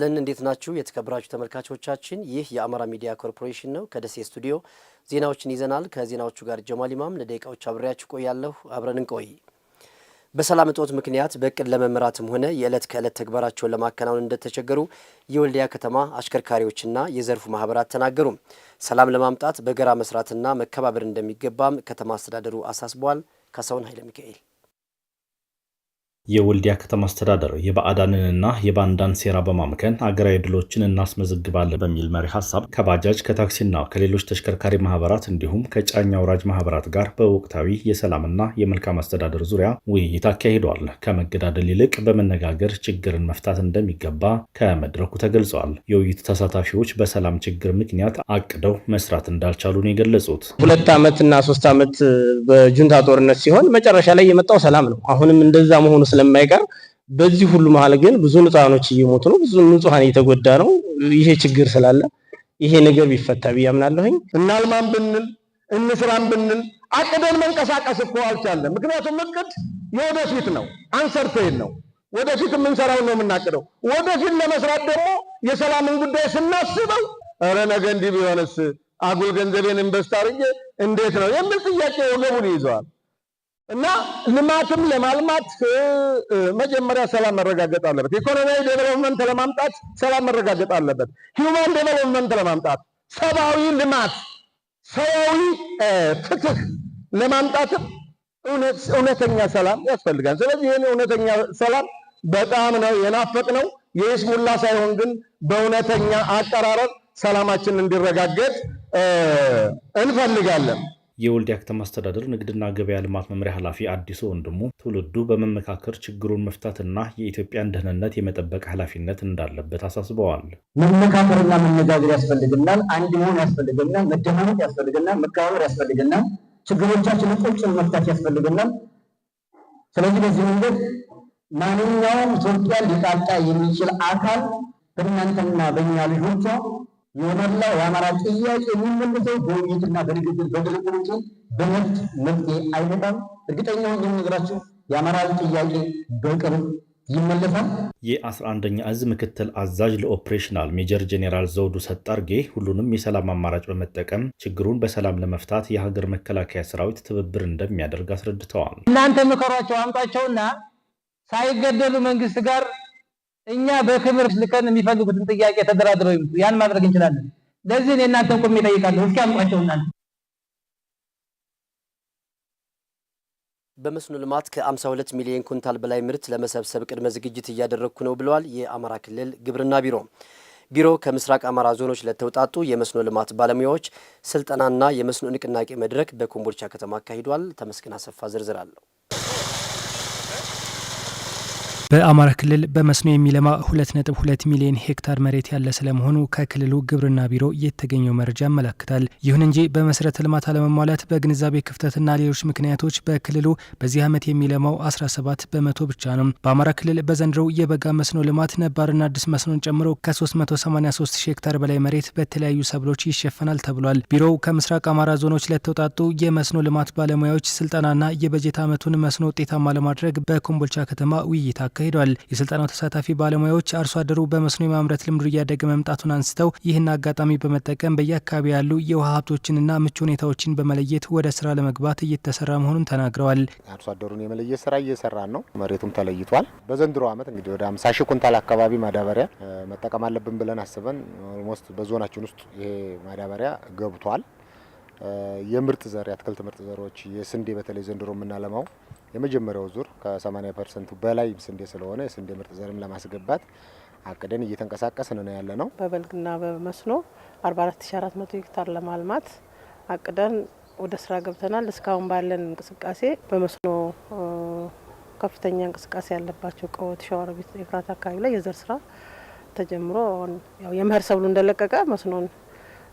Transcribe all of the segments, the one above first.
ለን እንዴት ናችሁ? የተከበራችሁ ተመልካቾቻችን፣ ይህ የአማራ ሚዲያ ኮርፖሬሽን ነው። ከደሴ ስቱዲዮ ዜናዎችን ይዘናል። ከዜናዎቹ ጋር ጀማል ኢማም ለደቂቃዎች አብሬያችሁ ቆያለሁ። አብረን እንቆይ። በሰላም እጦት ምክንያት በእቅድ ለመምራትም ሆነ የዕለት ከዕለት ተግባራቸውን ለማከናወን እንደተቸገሩ የወልዲያ ከተማ አሽከርካሪዎችና የዘርፉ ማህበራት ተናገሩ። ሰላም ለማምጣት በጋራ መስራትና መከባበር እንደሚገባም ከተማ አስተዳደሩ አሳስበዋል። ከሰውን ኃይለ ሚካኤል የወልዲያ ከተማ አስተዳደር የባዕዳንንና የባንዳን ሴራ በማምከን አገራዊ ድሎችን እናስመዘግባለን በሚል መሪ ሀሳብ ከባጃጅ ከታክሲና ከሌሎች ተሽከርካሪ ማህበራት እንዲሁም ከጫኝ አውራጅ ማህበራት ጋር በወቅታዊ የሰላምና የመልካም አስተዳደር ዙሪያ ውይይት አካሂዷል። ከመገዳደል ይልቅ በመነጋገር ችግርን መፍታት እንደሚገባ ከመድረኩ ተገልጿል። የውይይቱ ተሳታፊዎች በሰላም ችግር ምክንያት አቅደው መስራት እንዳልቻሉ ነው የገለጹት። ሁለት ዓመትና ሶስት ዓመት በጁንታ ጦርነት ሲሆን መጨረሻ ላይ የመጣው ሰላም ነው። አሁንም እንደዛ መሆኑ ስለማይቀር በዚህ ሁሉ መሀል ግን ብዙ ንጹሃኖች እየሞቱ ነው። ብዙ ንጹሃን እየተጎዳ ነው። ይሄ ችግር ስላለ ይሄ ነገር ቢፈታ ብዬ አምናለሁኝ። እናልማም ብንል እንስራም ብንል አቅደን መንቀሳቀስ እኮ አልቻለም። ምክንያቱም እቅድ የወደፊት ነው፣ አንሰርተይን ነው። ወደፊት የምንሰራው ነው የምናቅደው። ወደፊት ለመስራት ደግሞ የሰላምን ጉዳይ ስናስበው እረ ነገ እንዲህ ቢሆንስ አጉል ገንዘቤን እንበስታርጌ እንዴት ነው የሚል ጥያቄ ወገቡን ይዘዋል። እና ልማትም ለማልማት መጀመሪያ ሰላም መረጋገጥ አለበት። ኢኮኖሚያዊ ዴቨሎፕመንት ለማምጣት ሰላም መረጋገጥ አለበት። ሂውማን ዴቨሎፕመንት ለማምጣት ሰብአዊ ልማት፣ ሰብአዊ ፍትህ ለማምጣትም እውነተኛ ሰላም ያስፈልጋል። ስለዚህ ይህን እውነተኛ ሰላም በጣም ነው የናፈቅ ነው የሂስሙላ ሳይሆን ግን በእውነተኛ አቀራረብ ሰላማችን እንዲረጋገጥ እንፈልጋለን። የወልዲያ ከተማ አስተዳደር ንግድና ገበያ ልማት መምሪያ ኃላፊ አዲሱ ወንድሙ ትውልዱ በመመካከር ችግሩን መፍታትና የኢትዮጵያን ደህንነት የመጠበቅ ኃላፊነት እንዳለበት አሳስበዋል። መመካከርና መነጋገር ያስፈልገናል። አንድ መሆን ያስፈልገናል። መደማመጥ ያስፈልገናል። መከባበር ያስፈልገናል። ችግሮቻችን ቁጭን መፍታት ያስፈልገናል። ስለዚህ በዚህ መንገድ ማንኛውም ኢትዮጵያ ሊቃጣ የሚችል አካል በእናንተና በእኛ ልጆቿ የመላው የአማራ ጥያቄ የሚመለሰው በውይይትና በንግግር በድርድር እንጂ በመብት መፍትሄ አይመጣም። እርግጠኛ ሆኜ የምነግራችሁ የአማራ ጥያቄ በቅርብ ይመለሳል። የ11ኛ እዝ ምክትል አዛዥ ለኦፕሬሽናል ሜጀር ጄኔራል ዘውዱ ሰጣርጌ ሁሉንም የሰላም አማራጭ በመጠቀም ችግሩን በሰላም ለመፍታት የሀገር መከላከያ ሰራዊት ትብብር እንደሚያደርግ አስረድተዋል። እናንተ ምከሯቸው፣ አምጧቸውና ሳይገደሉ መንግስት ጋር እኛ በክብር ልከን የሚፈልጉትን ጥያቄ ተደራድረው ይምጡ። ያን ማድረግ እንችላለን። ለዚህ እኔ እናንተ ቆሜ እጠይቃለሁ። እስኪ አምጧቸው እናንተ። በመስኖ ልማት ከ52 ሚሊዮን ኩንታል በላይ ምርት ለመሰብሰብ ቅድመ ዝግጅት እያደረግኩ ነው ብለዋል የአማራ ክልል ግብርና ቢሮ። ቢሮ ከምስራቅ አማራ ዞኖች ለተውጣጡ የመስኖ ልማት ባለሙያዎች ስልጠናና የመስኖ ንቅናቄ መድረክ በኮምቦልቻ ከተማ አካሂዷል። ተመስገን አሰፋ ዝርዝር አለው። በአማራ ክልል በመስኖ የሚለማ 2.2 ሚሊዮን ሄክታር መሬት ያለ ስለመሆኑ ከክልሉ ግብርና ቢሮ የተገኘው መረጃ ያመላክታል። ይሁን እንጂ በመሰረተ ልማት አለመሟላት፣ በግንዛቤ ክፍተትና ሌሎች ምክንያቶች በክልሉ በዚህ ዓመት የሚለማው 17 በመቶ ብቻ ነው። በአማራ ክልል በዘንድሮው የበጋ መስኖ ልማት ነባርና አዲስ መስኖን ጨምሮ ከ383 ሄክታር በላይ መሬት በተለያዩ ሰብሎች ይሸፈናል ተብሏል። ቢሮው ከምስራቅ አማራ ዞኖች ለተውጣጡ የመስኖ ልማት ባለሙያዎች ስልጠናና የበጀት ዓመቱን መስኖ ውጤታማ ለማድረግ በኮምቦልቻ ከተማ ውይይት አካሂዷል። የስልጠናው ተሳታፊ ባለሙያዎች አርሶ አደሩ በመስኖ የማምረት ልምዱ እያደገ መምጣቱን አንስተው ይህን አጋጣሚ በመጠቀም በየአካባቢ ያሉ የውሃ ሀብቶችንና ምቹ ሁኔታዎችን በመለየት ወደ ስራ ለመግባት እየተሰራ መሆኑን ተናግረዋል። አርሶ አደሩን የመለየት ስራ እየሰራን ነው። መሬቱም ተለይቷል። በዘንድሮ አመት እንግዲህ ወደ አምሳ ሺ ኩንታል አካባቢ ማዳበሪያ መጠቀም አለብን ብለን አስበን ኦልሞስት በዞናችን ውስጥ ይሄ ማዳበሪያ ገብቷል። የምርጥ ዘር የአትክልት ምርጥ ዘሮች የስንዴ በተለይ ዘንድሮ የምናለማው የመጀመሪያው ዙር ከ80 ፐርሰንቱ በላይ ስንዴ ስለሆነ የስንዴ ምርጥ ዘርም ለማስገባት አቅደን እየተንቀሳቀስን ነው ያለ ነው። በበልግና በመስኖ 44400 ሄክታር ለማልማት አቅደን ወደ ስራ ገብተናል። እስካሁን ባለን እንቅስቃሴ በመስኖ ከፍተኛ እንቅስቃሴ ያለባቸው ቀወት፣ ሸዋሮቢት፣ ኤፍራት አካባቢ ላይ የዘር ስራ ተጀምሮ ያው የመኸር ሰብሉ እንደለቀቀ መስኖን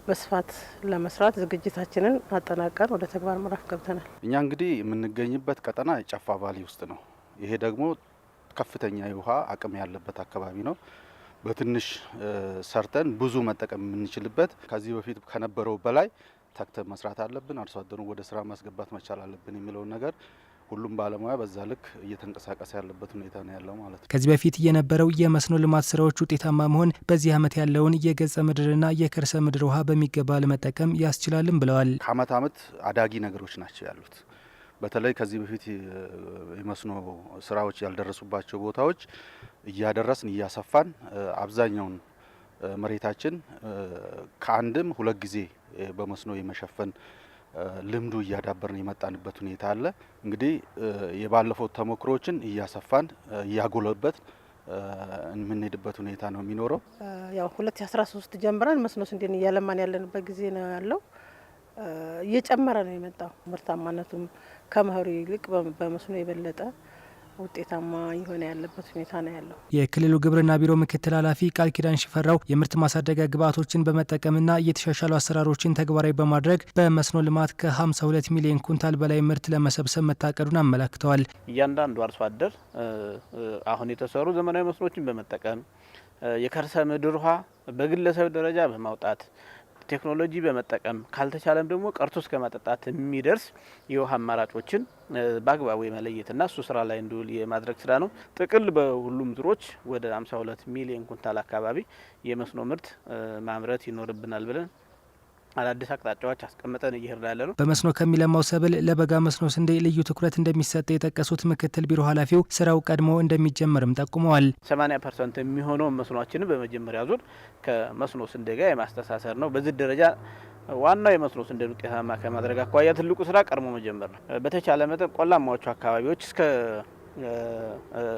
በስፋት ለመስራት ዝግጅታችንን አጠናቀን ወደ ተግባር ምዕራፍ ገብተናል። እኛ እንግዲህ የምንገኝበት ቀጠና ጨፋ ቫሊ ውስጥ ነው። ይሄ ደግሞ ከፍተኛ የውሃ አቅም ያለበት አካባቢ ነው። በትንሽ ሰርተን ብዙ መጠቀም የምንችልበት ከዚህ በፊት ከነበረው በላይ ተክተ መስራት አለብን። አርሶ አደሩን ወደ ስራ ማስገባት መቻል አለብን የሚለውን ነገር ሁሉም ባለሙያ በዛ ልክ እየተንቀሳቀሰ ያለበት ሁኔታ ነው ያለው ማለት ነው። ከዚህ በፊት የነበረው የመስኖ ልማት ስራዎች ውጤታማ መሆን በዚህ ዓመት ያለውን የገጸ ምድርና የከርሰ ምድር ውሃ በሚገባ ለመጠቀም ያስችላልም ብለዋል። ከዓመት ዓመት አዳጊ ነገሮች ናቸው ያሉት። በተለይ ከዚህ በፊት የመስኖ ስራዎች ያልደረሱባቸው ቦታዎች እያደረስን እያሰፋን አብዛኛውን መሬታችን ከአንድም ሁለት ጊዜ በመስኖ የመሸፈን ልምዱ እያዳበርን የመጣንበት ሁኔታ አለ። እንግዲህ የባለፈው ተሞክሮችን እያሰፋን እያጎለበት የምንሄድበት ሁኔታ ነው የሚኖረው። ያው ሁለት ሺ አስራ ሶስት ጀምረን መስኖ ስንዴን እያለማን ያለንበት ጊዜ ነው ያለው። እየጨመረ ነው የመጣው ምርታማነቱም ከመኸሩ ይልቅ በመስኖ የበለጠ ውጤታማ የሆነ ያለበት ሁኔታ ነው ያለው። የክልሉ ግብርና ቢሮ ምክትል ኃላፊ ቃል ኪዳን ሽፈራው የምርት ማሳደጊያ ግብዓቶችን በመጠቀምና እየተሻሻሉ አሰራሮችን ተግባራዊ በማድረግ በመስኖ ልማት ከ52 ሚሊዮን ኩንታል በላይ ምርት ለመሰብሰብ መታቀዱን አመላክተዋል። እያንዳንዱ አርሶ አደር አሁን የተሰሩ ዘመናዊ መስኖችን በመጠቀም የከርሰ ምድር ውሃ በግለሰብ ደረጃ በማውጣት ቴክኖሎጂ በመጠቀም ካልተቻለም ደግሞ ቀርቶ እስከ መጠጣት የሚደርስ የውሃ አማራጮችን በአግባቡ የመለየትና እሱ ስራ ላይ እንዲውል የማድረግ ስራ ነው። ጥቅል በሁሉም ዙሮች ወደ ሁለት ሚሊዮን ኩንታል አካባቢ የመስኖ ምርት ማምረት ይኖርብናል ብለን አዳዲስ አቅጣጫዎች አስቀምጠን እየሄድናለ ነው። በመስኖ ከሚለማው ሰብል ለበጋ መስኖ ስንዴ ልዩ ትኩረት እንደሚሰጥ የጠቀሱት ምክትል ቢሮ ኃላፊው ስራው ቀድሞ እንደሚጀመርም ጠቁመዋል። 80 ፐርሰንት የሚሆነው መስኖችን በመጀመሪያ ዙር ከመስኖ ስንዴ ጋር የማስተሳሰር ነው። በዚህ ደረጃ ዋናው የመስኖ ስንዴን ውጤታማ ከማድረግ አኳያ ትልቁ ስራ ቀድሞ መጀመር ነው። በተቻለ መጠን ቆላማዎቹ አካባቢዎች እስከ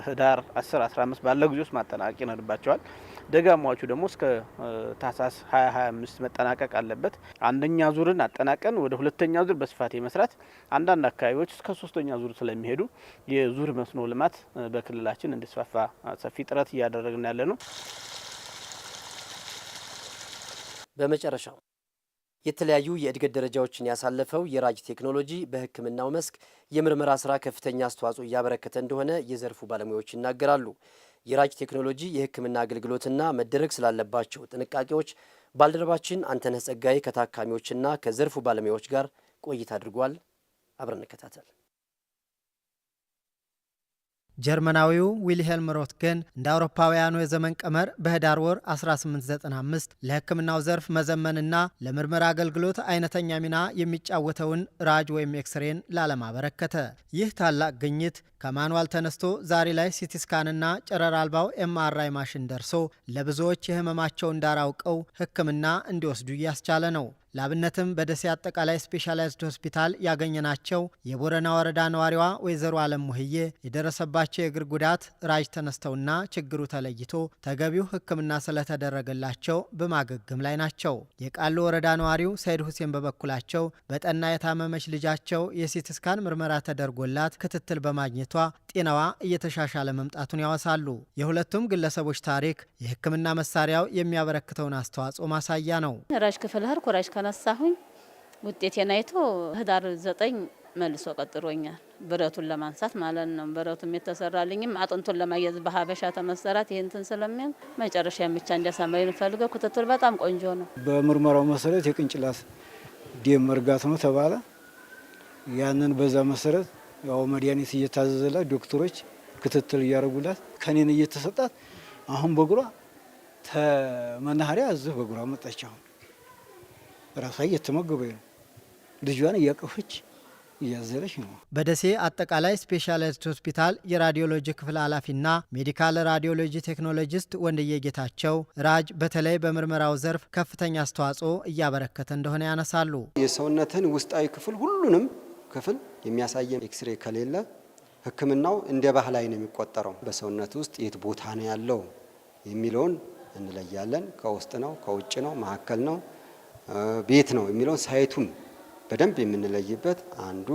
ህዳር 10 15 ባለው ጊዜ ውስጥ ማጠናቀቅ ይኖርባቸዋል። ደጋሟቹ ደግሞ እስከ ታህሳስ 2025 መጠናቀቅ አለበት። አንደኛ ዙርን አጠናቀን ወደ ሁለተኛ ዙር በስፋት የመስራት አንዳንድ አካባቢዎች እስከ ሶስተኛ ዙር ስለሚሄዱ የዙር መስኖ ልማት በክልላችን እንዲስፋፋ ሰፊ ጥረት እያደረግን ያለ ነው። በመጨረሻው የተለያዩ የእድገት ደረጃዎችን ያሳለፈው የራጅ ቴክኖሎጂ በሕክምናው መስክ የምርመራ ስራ ከፍተኛ አስተዋጽኦ እያበረከተ እንደሆነ የዘርፉ ባለሙያዎች ይናገራሉ። የራጅ ቴክኖሎጂ የህክምና አገልግሎትና መደረግ ስላለባቸው ጥንቃቄዎች ባልደረባችን አንተነህ ጸጋዬ ከታካሚዎችና ከዘርፉ ባለሙያዎች ጋር ቆይታ አድርጓል። አብረን እንከታተል። ጀርመናዊው ዊልሄልም ሮትገን እንደ አውሮፓውያኑ የዘመን ቀመር በህዳር ወር 1895 ለህክምናው ዘርፍ መዘመንና ለምርመራ አገልግሎት አይነተኛ ሚና የሚጫወተውን ራጅ ወይም ኤክስሬን ላለማበረከተ ይህ ታላቅ ግኝት ከማንዋል ተነስቶ ዛሬ ላይ ሲቲስካንና ጨረር አልባው ኤምአርአይ ማሽን ደርሶ ለብዙዎች የህመማቸውን ዳር አውቀው ሕክምና እንዲወስዱ እያስቻለ ነው። ላብነትም በደሴ አጠቃላይ ስፔሻላይዝድ ሆስፒታል ያገኘናቸው የቦረና ወረዳ ነዋሪዋ ወይዘሮ አለም ሙህዬ የደረሰባቸው የእግር ጉዳት ራጅ ተነስተውና ችግሩ ተለይቶ ተገቢው ሕክምና ስለተደረገላቸው በማገገም ላይ ናቸው። የቃሉ ወረዳ ነዋሪው ሰይድ ሁሴን በበኩላቸው በጠና የታመመች ልጃቸው የሲቲስካን ምርመራ ተደርጎላት ክትትል በማግኘት ባለቤቷ ጤናዋ እየተሻሻለ መምጣቱን ያወሳሉ። የሁለቱም ግለሰቦች ታሪክ የሕክምና መሳሪያው የሚያበረክተውን አስተዋጽኦ ማሳያ ነው። ራሽ ክፍል ህር ኩራሽ ከነሳሁኝ ውጤቴን አይቶ ህዳር ዘጠኝ መልሶ ቀጥሮኛል። ብረቱን ለማንሳት ማለት ነው። ብረቱም የተሰራልኝም አጥንቱን ለማያዝ በሀበሻ ተመሰራት ይህንትን ስለሚያም መጨረሻ የምቻ እንዲያሳማ ንፈልገው ክትትል በጣም ቆንጆ ነው። በምርመራው መሰረት የቅንጭላት ደም መርጋት ነው ተባለ። ያንን በዛ መሰረት ያው መድኃኒት እየታዘዘላት ዶክተሮች ክትትል እያደረጉላት ከኔን እየተሰጣት አሁን በእግሯ ተመናኸሪያ እዚህ በእግሯ መጣች። አሁን ራሷ እየተመገበ ነው። ልጇን እያቀፈች እያዘለች ነው። በደሴ አጠቃላይ ስፔሻላይዝድ ሆስፒታል የራዲዮሎጂ ክፍል ኃላፊና ሜዲካል ራዲዮሎጂ ቴክኖሎጂስት ወንድዬ ጌታቸው ራጅ በተለይ በምርመራው ዘርፍ ከፍተኛ አስተዋጽኦ እያበረከተ እንደሆነ ያነሳሉ። የሰውነትን ውስጣዊ ክፍል ሁሉንም ክፍል የሚያሳየን ኤክስሬ ከሌለ ሕክምናው እንደ ባህላዊ ነው የሚቆጠረው። በሰውነት ውስጥ የት ቦታ ነው ያለው የሚለውን እንለያለን። ከውስጥ ነው፣ ከውጭ ነው፣ መካከል ነው፣ ቤት ነው የሚለውን ሳይቱን በደንብ የምንለይበት አንዱ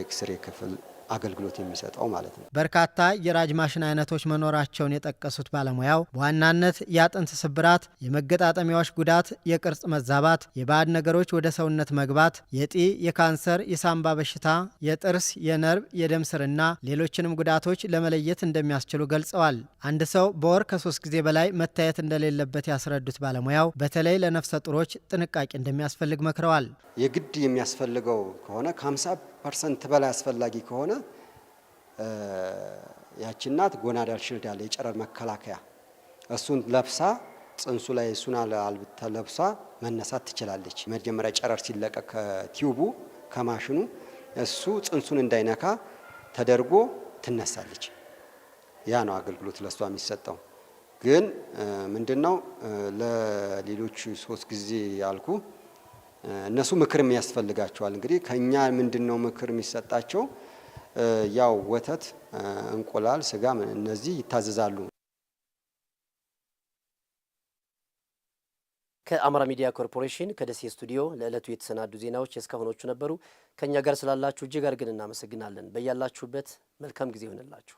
ኤክስሬ ክፍል አገልግሎት የሚሰጠው ማለት ነው። በርካታ የራጅ ማሽን አይነቶች መኖራቸውን የጠቀሱት ባለሙያው በዋናነት የአጥንት ስብራት፣ የመገጣጠሚያዎች ጉዳት፣ የቅርጽ መዛባት፣ የባዕድ ነገሮች ወደ ሰውነት መግባት፣ የጢ፣ የካንሰር፣ የሳምባ በሽታ፣ የጥርስ፣ የነርቭ፣ የደም ስርና ሌሎችንም ጉዳቶች ለመለየት እንደሚያስችሉ ገልጸዋል። አንድ ሰው በወር ከሶስት ጊዜ በላይ መታየት እንደሌለበት ያስረዱት ባለሙያው በተለይ ለነፍሰ ጡሮች ጥንቃቄ እንደሚያስፈልግ መክረዋል። የግድ የሚያስፈልገው ከሆነ ከ50 ፐርሰንት በላይ አስፈላጊ ከሆነ ያቺ እናት ጎናዳል ሽልድ አለ የጨረር መከላከያ እሱን ለብሳ ጽንሱ ላይ እሱን አልብታ ለብሳ መነሳት ትችላለች። መጀመሪያ ጨረር ሲለቀቅ ከቲዩቡ ከማሽኑ እሱ ጽንሱን እንዳይነካ ተደርጎ ትነሳለች። ያ ነው አገልግሎት ለእሷ የሚሰጠው። ግን ምንድን ነው ለሌሎቹ ሶስት ጊዜ ያልኩ እነሱ ምክርም ያስፈልጋቸዋል። እንግዲህ ከኛ ምንድን ነው ምክር የሚሰጣቸው? ያው ወተት፣ እንቁላል፣ ስጋ እነዚህ ይታዘዛሉ። ከአማራ ሚዲያ ኮርፖሬሽን ከደሴ ስቱዲዮ ለዕለቱ የተሰናዱ ዜናዎች እስካሁኖቹ ነበሩ። ከእኛ ጋር ስላላችሁ እጅግ አድርገን እናመሰግናለን። በያላችሁበት መልካም ጊዜ ይሆንላችሁ።